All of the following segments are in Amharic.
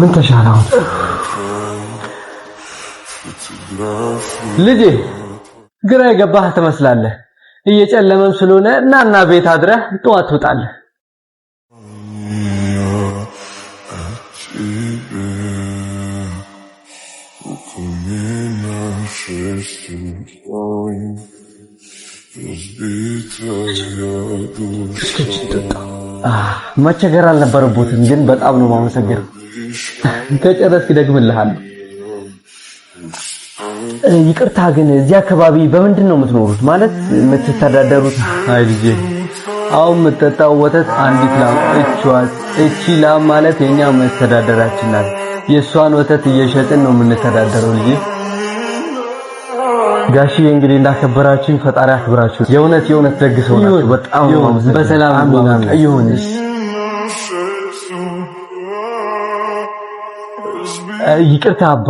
ምን ተሻለ? አሁን ልጄ ግራ የገባህ ትመስላለህ። እየጨለመም ስለሆነ እናና ቤት አድረህ ጠዋት ትውጣለህ። መቸገር አልነበረቦትም፣ ግን በጣም ነው የማመሰግነው። ከጨረስክ ይደግምልሃል። ይቅርታ ግን እዚህ አካባቢ በምንድን ነው የምትኖሩት? ማለት የምትተዳደሩት? አይ ልጄ፣ አሁን የምጠጣው ወተት አንዲት ላም እቺዋስ? እቺ ላም ማለት የኛ መተዳደራችን ናት። የእሷን ወተት እየሸጥን ነው የምንተዳደረው ልጄ። ጋሺ እንግዲህ እንዳከበራችሁኝ ፈጣሪ አክብራችሁ። የእውነት የእውነት ደግሰው ናቸው። በጣም በሰላም ይሁን ይቅርታ አባ፣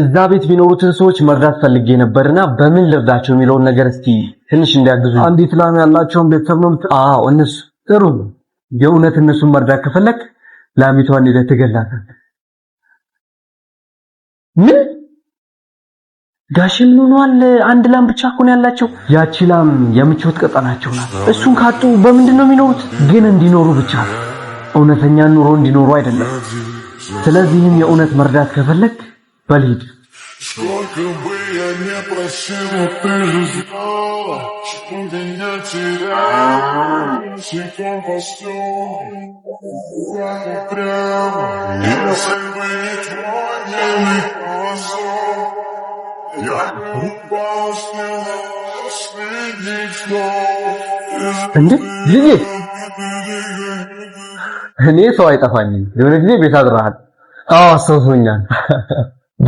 እዛ ቤት የሚኖሩትን ሰዎች መርዳት ፈልጌ ነበርና በምን ልርዳቸው የሚለውን ነገር እስቲ ትንሽ እንዲያግዙ። አንዲት ላም ያላቸውን ቤተሰብ ነው። አዎ እነሱ ጥሩ ነው። የእውነት እነሱን መርዳት ከፈለክ ላሚቷን ሄደህ ትገላታለህ። ምን ጋሽ ምንሆኗል? አንድ ላም ብቻ እኮ ነው ያላቸው። ያቺ ላም የምቾት ቀጠናቸው ናት። እሱን ካጡ በምንድን ነው የሚኖሩት? ግን እንዲኖሩ ብቻ እውነተኛ ኑሮ እንዲኖሩ አይደለም። ስለዚህም የእውነት መርዳት ከፈለግ በልሂድ Сколько እንዴ ልጄ፣ እኔ ሰው አይጠፋኝም። የሆነ ጊዜ ቤት አድረሃል? አዎ አስታውሶኛል።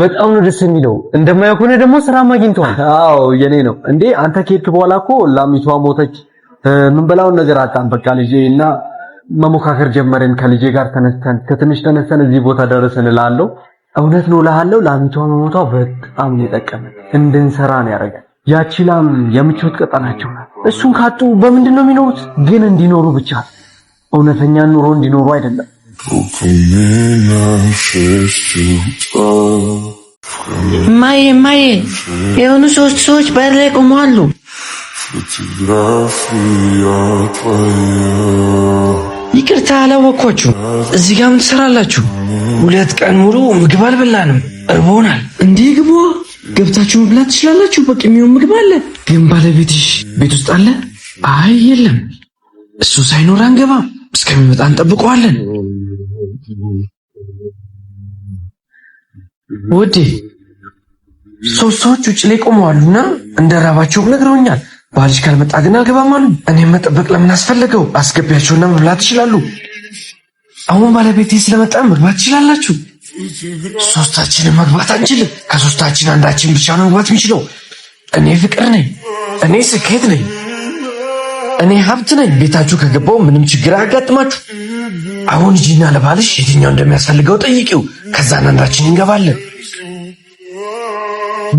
በጣም ነው ደስ የሚለው። እንደማያውቅ ሆነ ደግሞ ስራም አግኝተዋል። አዎ የኔ ነው እንዴ። አንተ ከሄድክ በኋላ እኮ ላሚቷ ሞተች። ምን ነገር አጣን። በቃ ልጄ እና መሞካከር ጀመረን። ከልጄ ጋር ተነስተን ከትንሽ ተነስተን እዚህ ቦታ ደረስን እላለሁ። እውነት ነው እልሃለሁ። ላሚቷ መሞቷ በጣም ነው የጠቀመን። እንድንሰራ ነው ያደርጋል። ያቺ ላም የምቾት ቀጠናቸው ናት። እሱን ካጡ በምንድን ነው የሚኖሩት? ግን እንዲኖሩ ብቻ እውነተኛ ኑሮ እንዲኖሩ አይደለም። ማዬ ማዬ፣ የሆኑ ሶስት ሰዎች በር ላይ ቆመው ይቅርታ አላወኳችሁ። እዚህ ጋር ምን ትሰራላችሁ? ሁለት ቀን ሙሉ ምግብ አልበላንም፣ እርቦናል። እንዲህ ግቡ ገብታችሁ መብላት ትችላላችሁ። በቂ የሚሆን ምግብ አለ። ግን ባለቤትሽ ቤት ውስጥ አለ? አይ የለም፣ እሱ ሳይኖር አንገባም። እስከሚመጣ እንጠብቀዋለን። ወዴ ሶስት ሰዎች ውጭ ላይ ቆመዋሉና እንደራባቸውም ነግረውኛል። ባልሽ ካልመጣ ግን አልገባም አሉ። እኔም መጠበቅ ለምን አስፈለገው? አስገቢያቸውና መብላት ይችላሉ። አሁን ባለቤቴ ስለመጣ መግባት ትችላላችሁ። ሶስታችንን መግባት አንችልም። ከሶስታችን አንዳችን ብቻ ነው መግባት የሚችለው። እኔ ፍቅር ነኝ፣ እኔ ስኬት ነኝ፣ እኔ ሀብት ነኝ። ቤታችሁ ከገባው ምንም ችግር አያጋጥማችሁ። አሁን ሂጂና ለባልሽ የትኛው እንደሚያስፈልገው ጠይቂው። ከዛን አንዳችን እንገባለን።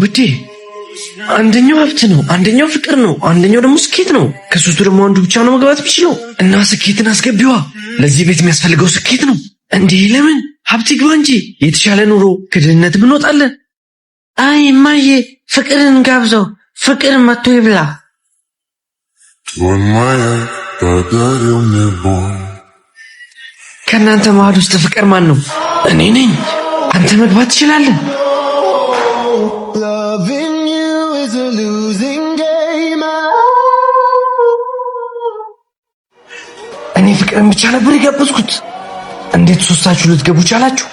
ብቴ አንደኛው ሀብት ነው፣ አንደኛው ፍቅር ነው፣ አንደኛው ደግሞ ስኬት ነው። ከሶስቱ ደግሞ አንዱ ብቻ ነው መግባት የሚችለው እና ስኬትን አስገቢዋ። ለዚህ ቤት የሚያስፈልገው ስኬት ነው። እንዲህ ለምን ሀብት ግባ እንጂ የተሻለ ኑሮ ከድህነት ብንወጣለን! አይ ማዬ ፍቅርን ጋብዘው፣ ፍቅር መጥቶ ይብላ። ከእናንተ መሀል ውስጥ ፍቅር ማን ነው? እኔ ነኝ። አንተ መግባት ትችላለን። oh. እኔ ፍቅርን ብቻ ነበር የጋበዝኩት። እንዴት ሶስታችሁ ልትገቡ ቻላችሁ?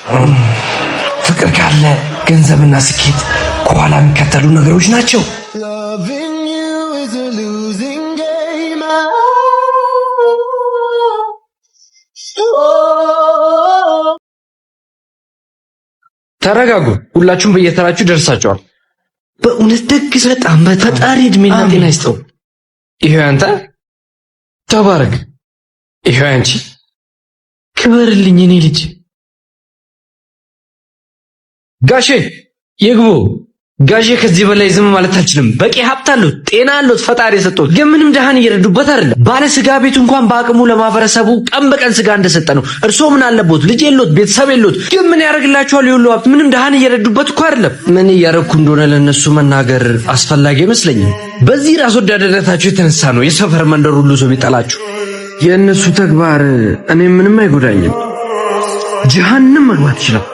ፍቅር ካለ ገንዘብና ስኬት ከኋላ የሚከተሉ ነገሮች ናቸው። ተረጋጉ። ሁላችሁም በየተራችሁ ደርሳችኋል። በእውነት ደግስ በጣም በፈጣሪ እድሜና ጤና ይስጠው። ይሄው አንተ ተባረክ። ይሄው አንቺ ክበርልኝ እኔ ልጅ ጋሼ ይግቡ። ጋሼ ከዚህ በላይ ዝም ማለት አልችልም። በቂ ሀብት አሉት፣ ጤና አሉት፣ ፈጣሪ የሰጡት ግን ምንም ድሃን እየረዱበት አይደለም። ባለ ስጋ ቤቱ እንኳን በአቅሙ ለማህበረሰቡ ቀን በቀን ስጋ እንደሰጠ ነው። እርስዎ ምን አለቦት? ልጅ የሎት፣ ቤተሰብ የሎት፣ ግን ምን ያደርግላቸዋል? የሁሉ ሀብት ምንም ድሃን እየረዱበት እኮ አይደለም። ምን እያደረግኩ እንደሆነ ለእነሱ መናገር አስፈላጊ አይመስለኝም። በዚህ ራስ ወዳድነታቸው የተነሳ ነው የሰፈር መንደር ሁሉ ሰው የሚጠላችሁ። የእነሱ ተግባር እኔ ምንም አይጎዳኝም። ጀሃንም መግባት ይችላል።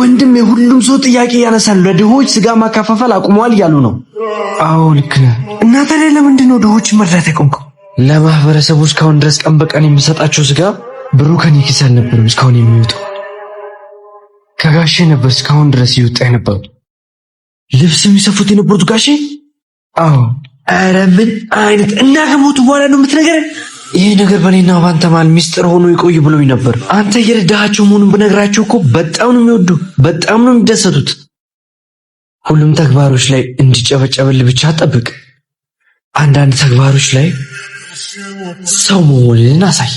ወንድም የሁሉም ሰው ጥያቄ ያነሳል። ለድሆች ስጋ ማከፋፈል አቁመዋል እያሉ ነው። አዎ ልክ ነህ። እና ታዲያ ለምንድን ነው ድሆች መርዳት ያቆምከው? ለማህበረሰቡ እስካሁን ድረስ ቀን በቀን የምሰጣቸው ስጋ ብሩ ከኔ ኪስ አልነበረም እስካሁን የሚወጣው ከጋሼ ነበር እስካሁን ድረስ ይወጣ የነበረው። ልብስ የሚሰፉት የነበሩት ጋሼ? አዎ። ኧረ ምን አይነት እና ከሞቱ በኋላ ነው ምትነገር ይሄ ነገር በእኔና በአንተ መሀል ሚስጥር ሆኖ ይቆይ ብሎኝ ነበር። አንተ እየረዳሃቸው መሆኑን ብነግራቸው እኮ በጣም ነው የሚወዱ፣ በጣም ነው የሚደሰቱት። ሁሉም ተግባሮች ላይ እንዲጨበጨበል ብቻ ጠብቅ። አንዳንድ ተግባሮች ላይ ሰው መሆንን አሳይ።